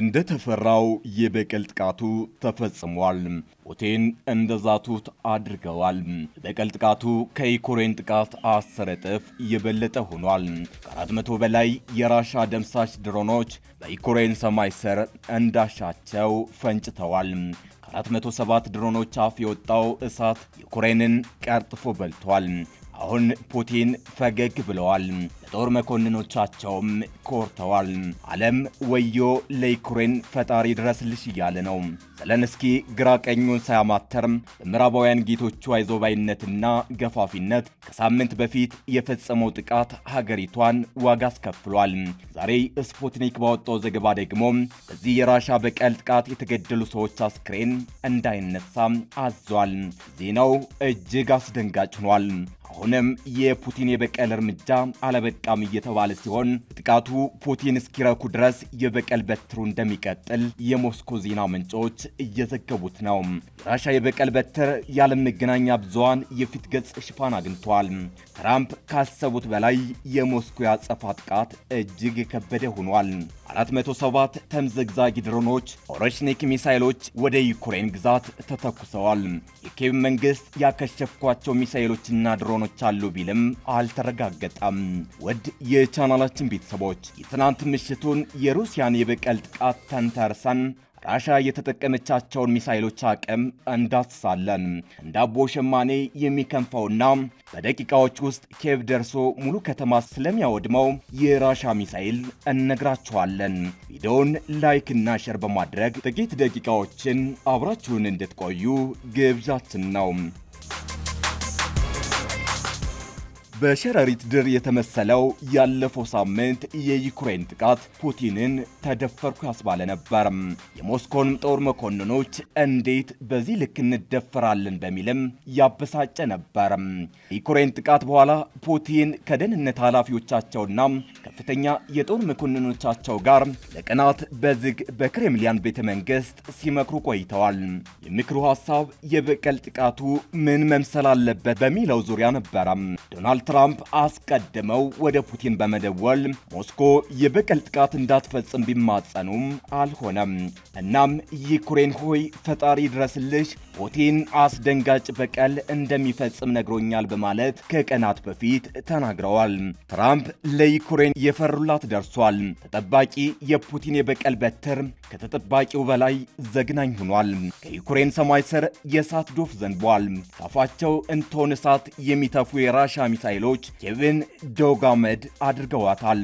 እንደተፈራው የበቀል ጥቃቱ ተፈጽሟል። ፑቲን እንደዛቱት አድርገዋል። በቀል ጥቃቱ ከዩክሬን ጥቃት አስር እጥፍ የበለጠ ሆኗል። መቶ በላይ የራሻ ደምሳሽ ድሮኖች በዩክሬን ሰማይ ስር እንዳሻቸው ፈንጭተዋል። ሰባት ድሮኖች አፍ የወጣው እሳት ዩክሬንን ቀርጥፎ በልቷል። አሁን ፑቲን ፈገግ ብለዋል። ለጦር መኮንኖቻቸውም ኮርተዋል። ዓለም ወዮ ለዩክሬን ፈጣሪ ድረስልሽ እያለ ነው። ዘለንስኪ ግራ ቀኙን ሳያማተር በምዕራባውያን ጌቶቹ አይዞባይነትና ገፋፊነት ከሳምንት በፊት የፈጸመው ጥቃት ሀገሪቷን ዋጋ አስከፍሏል። ዛሬ ስፑትኒክ ባወጣው ዘገባ ደግሞ በዚህ የራሻ በቀል ጥቃት የተገደሉ ሰዎች አስክሬን እንዳይነሳ አዟል። ዜናው እጅግ አስደንጋጭ ሆኗል። አሁንም የፑቲን የበቀል እርምጃ አለበቃም እየተባለ ሲሆን ጥቃቱ ፑቲን እስኪረኩ ድረስ የበቀል በትሩ እንደሚቀጥል የሞስኮ ዜና ምንጮች እየዘገቡት ነው። የራሻ የበቀል በትር የዓለም መገናኛ ብዙሃን የፊት ገጽ ሽፋን አግኝቷል። ትራምፕ ካሰቡት በላይ የሞስኮ ያጸፋ ጥቃት እጅግ የከበደ ሆኗል። 407 ተምዘግዛጊ ድሮኖች ኦሮሽኒክ ሚሳይሎች ወደ ዩክሬን ግዛት ተተኩሰዋል። የኬቭ መንግሥት ያከሸፍኳቸው ሚሳይሎችና ድሮኖች አሉ ቢልም አልተረጋገጠም። ውድ የቻናላችን ቤተሰቦች የትናንት ምሽቱን የሩሲያን የበቀል ጥቃት ተንተርሰን ራሻ የተጠቀመቻቸውን ሚሳይሎች አቅም እንዳስሳለን። እንደ አቦ ሸማኔ የሚከንፈውና በደቂቃዎች ውስጥ ኬቭ ደርሶ ሙሉ ከተማ ስለሚያወድመው የራሻ ሚሳይል እነግራችኋለን። ቪዲዮውን ላይክ እና ሼር በማድረግ ጥቂት ደቂቃዎችን አብራችሁን እንድትቆዩ ግብዣችን ነው። በሸረሪት ድር የተመሰለው ያለፈው ሳምንት የዩክሬን ጥቃት ፑቲንን ተደፈርኩ ያስባለ ነበር። የሞስኮን ጦር መኮንኖች እንዴት በዚህ ልክ እንደፈራለን በሚልም ያበሳጨ ነበር። የዩክሬን ጥቃት በኋላ ፑቲን ከደህንነት ኃላፊዎቻቸውና ከፍተኛ የጦር መኮንኖቻቸው ጋር ለቀናት በዝግ በክሬምሊያን ቤተ መንግስት ሲመክሩ ቆይተዋል። የምክሩ ሀሳብ የበቀል ጥቃቱ ምን መምሰል አለበት በሚለው ዙሪያ ነበረ። ዶናልድ ትራምፕ አስቀድመው ወደ ፑቲን በመደወል ሞስኮ የበቀል ጥቃት እንዳትፈጽም ቢማጸኑም አልሆነም። እናም ዩክሬን ሆይ ፈጣሪ ድረስልሽ፣ ፑቲን አስደንጋጭ በቀል እንደሚፈጽም ነግሮኛል በማለት ከቀናት በፊት ተናግረዋል። ትራምፕ ለዩክሬን እየፈሩላት ደርሷል። ተጠባቂ የፑቲን የበቀል በትር ከተጠባቂው በላይ ዘግናኝ ሆኗል። ከዩክሬን ሰማይ ስር የእሳት ዶፍ ዘንቧል። ታፋቸው እንቶን እሳት የሚተፉ የራሻ ሚሳይሎች ኬቭን ዶጋመድ አድርገዋታል።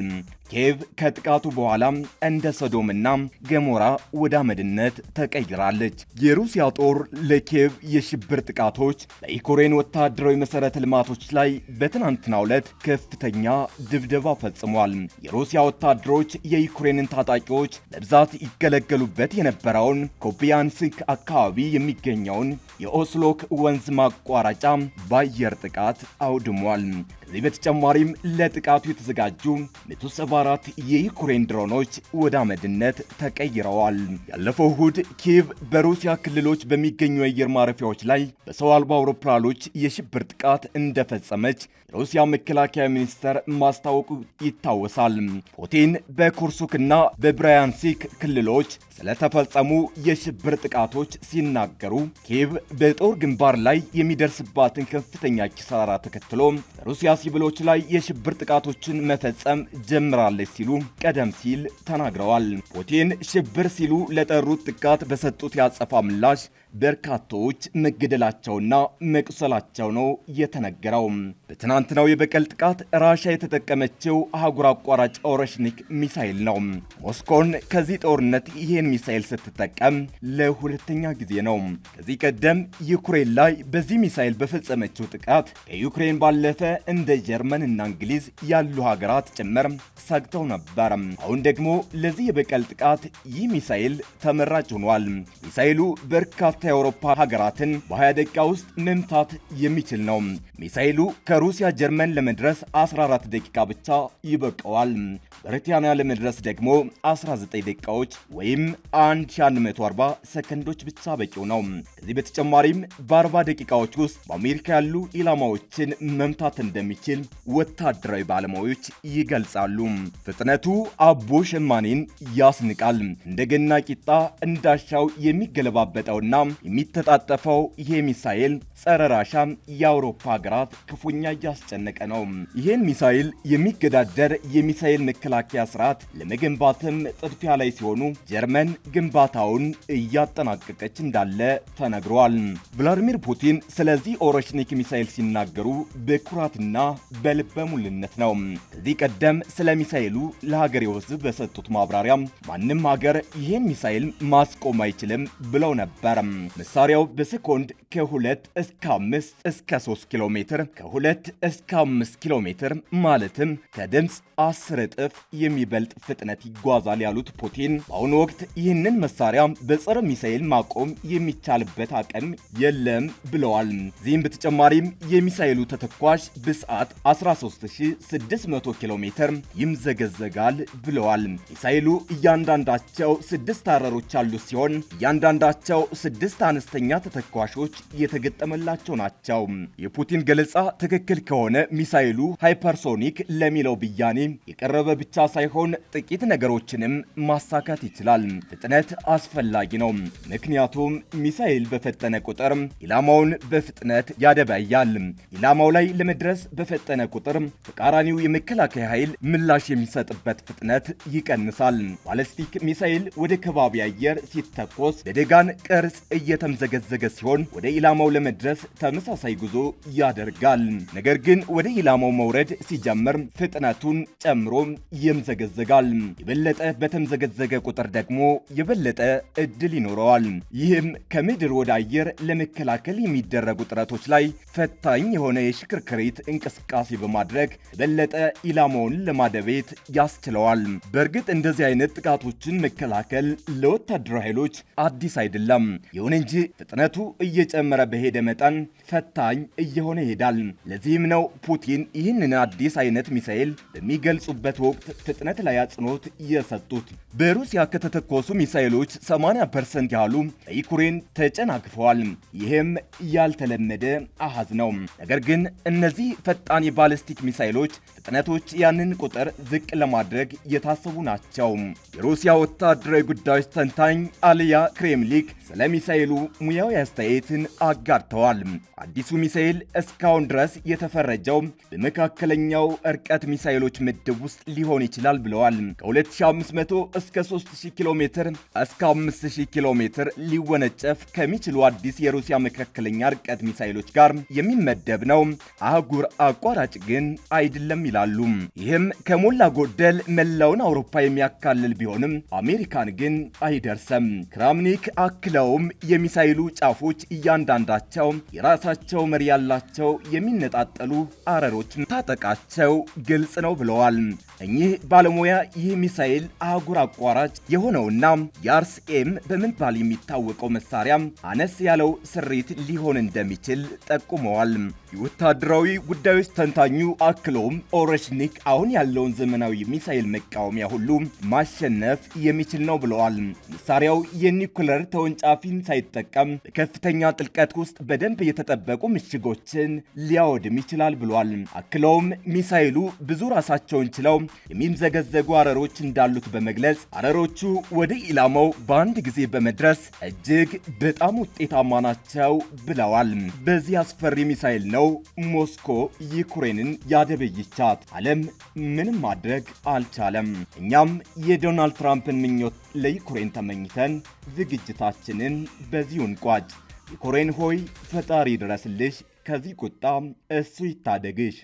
ኬቭ ከጥቃቱ በኋላ እንደ ሰዶምና ገሞራ ወደ አመድነት ተቀይራለች። የሩሲያ ጦር ለኬቭ የሽብር ጥቃቶች በዩክሬን ወታደራዊ መሠረተ ልማቶች ላይ በትናንትናው ዕለት ከፍተኛ ድብደባ ፈጽሟል። የሩሲያ ወታደሮች የዩክሬንን ታጣቂዎች በብዛት ይገለገሉበት የነበረውን ኮቢያንስክ አካባቢ የሚገኘውን የኦስሎክ ወንዝ ማቋረጫ በአየር ጥቃት አውድሟል። ከዚህ በተጨማሪም ለጥቃቱ የተዘጋጁ 174 የዩክሬን ድሮኖች ወደ አመድነት ተቀይረዋል። ያለፈው እሁድ ኪየቭ በሩሲያ ክልሎች በሚገኙ የአየር ማረፊያዎች ላይ በሰው አልባ አውሮፕላኖች የሽብር ጥቃት እንደፈጸመች የሩሲያ መከላከያ ሚኒስቴር ማስታወቁ ይታወሳል። ፑቲን በኩርሱክና በብራያንሲክ ክልሎች ስለተፈጸሙ የሽብር ጥቃቶች ሲናገሩ ኪየቭ በጦር ግንባር ላይ የሚደርስባትን ከፍተኛ ኪሳራ ተከትሎ ሩሲያ ሲቪሎች ላይ የሽብር ጥቃቶችን መፈጸም ጀምራለች ሲሉ ቀደም ሲል ተናግረዋል። ፑቲን ሽብር ሲሉ ለጠሩት ጥቃት በሰጡት ያጸፋ ምላሽ በርካቶች መገደላቸውና መቁሰላቸው ነው የተነገረው። በትናንትናው የበቀል ጥቃት ራሽያ የተጠቀመችው አህጉር አቋራጭ ኦረሽኒክ ሚሳይል ነው። ሞስኮን ከዚህ ጦርነት ይህን ሚሳይል ስትጠቀም ለሁለተኛ ጊዜ ነው። ከዚህ ቀደም ዩክሬን ላይ በዚህ ሚሳይል በፈጸመችው ጥቃት ከዩክሬን ባለፈ እንደ ጀርመን እና እንግሊዝ ያሉ ሀገራት ጭምር ሰግተው ነበር። አሁን ደግሞ ለዚህ የበቀል ጥቃት ይህ ሚሳይል ተመራጭ ሆኗል። ሚሳይሉ በርካ ሰባት የአውሮፓ ሀገራትን በ20 ደቂቃ ውስጥ መምታት የሚችል ነው። ሚሳኤሉ ከሩሲያ ጀርመን ለመድረስ 14 ደቂቃ ብቻ ይበቀዋል። ብሪታንያ ለመድረስ ደግሞ 19 ደቂቃዎች ወይም 1140 ሰከንዶች ብቻ በቂው ነው። ከዚህ በተጨማሪም በ40 ደቂቃዎች ውስጥ በአሜሪካ ያሉ ኢላማዎችን መምታት እንደሚችል ወታደራዊ ባለሙያዎች ይገልጻሉ። ፍጥነቱ አቦ ሸማኔን ያስንቃል። እንደገና ቂጣ እንዳሻው የሚገለባበጠውና የሚተጣጠፈው ይሄ ሚሳኤል ጸረ ራሻ የአውሮፓ ሀገራት ክፉኛ እያስጨነቀ ነው። ይህን ሚሳኤል የሚገዳደር የሚሳኤል መከላከያ ስርዓት ለመገንባትም ጥድፊያ ላይ ሲሆኑ ጀርመን ግንባታውን እያጠናቀቀች እንዳለ ተነግሯል። ቭላዲሚር ፑቲን ስለዚህ ኦሮሽኒክ ሚሳኤል ሲናገሩ በኩራትና በልበ ሙልነት ነው። ከዚህ ቀደም ስለ ሚሳኤሉ ለሀገሬው ሕዝብ በሰጡት ማብራሪያ ማንም ሀገር ይህን ሚሳኤል ማስቆም አይችልም ብለው ነበር። መሳሪያው በሴኮንድ ከ2 እስከ 5 እስከ 3 ኪሎ ሜትር ከ2 እስከ 5 ኪሎ ሜትር ማለትም ከድምጽ 10 ጥፍ የሚበልጥ ፍጥነት ይጓዛል ያሉት ፑቲን በአሁኑ ወቅት ይህንን መሳሪያ በጸረ ሚሳኤል ማቆም የሚቻልበት አቅም የለም ብለዋል። ዚህም በተጨማሪም የሚሳኤሉ ተተኳሽ በሰዓት 13600 ኪሎ ሜትር ይምዘገዘጋል ብለዋል። ሚሳኤሉ እያንዳንዳቸው ስድስት አረሮች ያሉት ሲሆን እያንዳንዳቸው ስድስት ስድስት አነስተኛ ተተኳሾች የተገጠመላቸው ናቸው። የፑቲን ገለጻ ትክክል ከሆነ ሚሳይሉ ሃይፐርሶኒክ ለሚለው ብያኔ የቀረበ ብቻ ሳይሆን ጥቂት ነገሮችንም ማሳካት ይችላል። ፍጥነት አስፈላጊ ነው። ምክንያቱም ሚሳይል በፈጠነ ቁጥር ኢላማውን በፍጥነት ያደባያል። ኢላማው ላይ ለመድረስ በፈጠነ ቁጥር ተቃራኒው የመከላከያ ኃይል ምላሽ የሚሰጥበት ፍጥነት ይቀንሳል። ባለስቲክ ሚሳይል ወደ ከባቢ አየር ሲተኮስ በደጋን ቅርጽ እየተምዘገዘገ ሲሆን ወደ ኢላማው ለመድረስ ተመሳሳይ ጉዞ ያደርጋል። ነገር ግን ወደ ኢላማው መውረድ ሲጀምር ፍጥነቱን ጨምሮ ይምዘገዘጋል። የበለጠ በተምዘገዘገ ቁጥር ደግሞ የበለጠ እድል ይኖረዋል። ይህም ከምድር ወደ አየር ለመከላከል የሚደረጉ ጥረቶች ላይ ፈታኝ የሆነ የሽክርክሪት እንቅስቃሴ በማድረግ የበለጠ ኢላማውን ለማደቤት ያስችለዋል። በእርግጥ እንደዚህ አይነት ጥቃቶችን መከላከል ለወታደራዊ ኃይሎች አዲስ አይደለም። ይሁን እንጂ ፍጥነቱ እየጨመረ በሄደ መጠን ፈታኝ እየሆነ ይሄዳል። ለዚህም ነው ፑቲን ይህንን አዲስ አይነት ሚሳኤል በሚገልጹበት ወቅት ፍጥነት ላይ አጽንኦት የሰጡት። በሩሲያ ከተተኮሱ ሚሳኤሎች 80 ፐርሰንት ያህሉ በዩክሬን ተጨናግፈዋል። ይህም ያልተለመደ አሃዝ ነው። ነገር ግን እነዚህ ፈጣን የባለስቲክ ሚሳኤሎች ፍጥነቶች ያንን ቁጥር ዝቅ ለማድረግ የታሰቡ ናቸው። የሩሲያ ወታደራዊ ጉዳዮች ተንታኝ አልያ ክሬምሊክ ስለ ሚሳኤል ሚሳኤሉ ሙያዊ አስተያየትን አጋርተዋል። አዲሱ ሚሳኤል እስካሁን ድረስ የተፈረጀው በመካከለኛው እርቀት ሚሳኤሎች ምድብ ውስጥ ሊሆን ይችላል ብለዋል። ከ2500 እስከ 3000 ኪሎ ሜትር እስከ 5000 ኪሎ ሜትር ሊወነጨፍ ከሚችሉ አዲስ የሩሲያ መካከለኛ እርቀት ሚሳኤሎች ጋር የሚመደብ ነው። አህጉር አቋራጭ ግን አይደለም ይላሉ። ይህም ከሞላ ጎደል መላውን አውሮፓ የሚያካልል ቢሆንም አሜሪካን ግን አይደርሰም። ክራምኒክ አክለውም የሚሳይሉ ጫፎች እያንዳንዳቸው የራሳቸው መሪ ያላቸው የሚነጣጠሉ አረሮች ታጠቃቸው ግልጽ ነው ብለዋል። እኚህ ባለሙያ ይህ ሚሳይል አህጉር አቋራጭ የሆነውና የአርስ ኤም በመባል የሚታወቀው መሳሪያ አነስ ያለው ስሪት ሊሆን እንደሚችል ጠቁመዋል። የወታደራዊ ጉዳዮች ተንታኙ አክሎም ኦረሽኒክ አሁን ያለውን ዘመናዊ ሚሳይል መቃወሚያ ሁሉ ማሸነፍ የሚችል ነው ብለዋል። መሳሪያው የኒኩለር ተወንጫፊን ሳይጠቀም በከፍተኛ ጥልቀት ውስጥ በደንብ የተጠበቁ ምሽጎችን ሊያወድም ይችላል ብሏል። አክለውም ሚሳይሉ ብዙ ራሳቸውን ችለው የሚምዘገዘጉ አረሮች እንዳሉት በመግለጽ አረሮቹ ወደ ኢላማው በአንድ ጊዜ በመድረስ እጅግ በጣም ውጤታማ ናቸው ብለዋል። በዚህ አስፈሪ ሚሳይል ነው ሞስኮ ዩክሬንን ያደበይቻት። ዓለም ምንም ማድረግ አልቻለም። እኛም የዶናልድ ትራምፕን ምኞት ለዩክሬን ተመኝተን ዝግጅታችንን በዚሁ እንቋጭ። ዩክሬን ሆይ ፈጣሪ ድረስልሽ፣ ከዚህ ቁጣ እሱ ይታደግሽ።